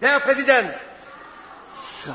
Herr Präsident! So.